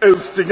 El señor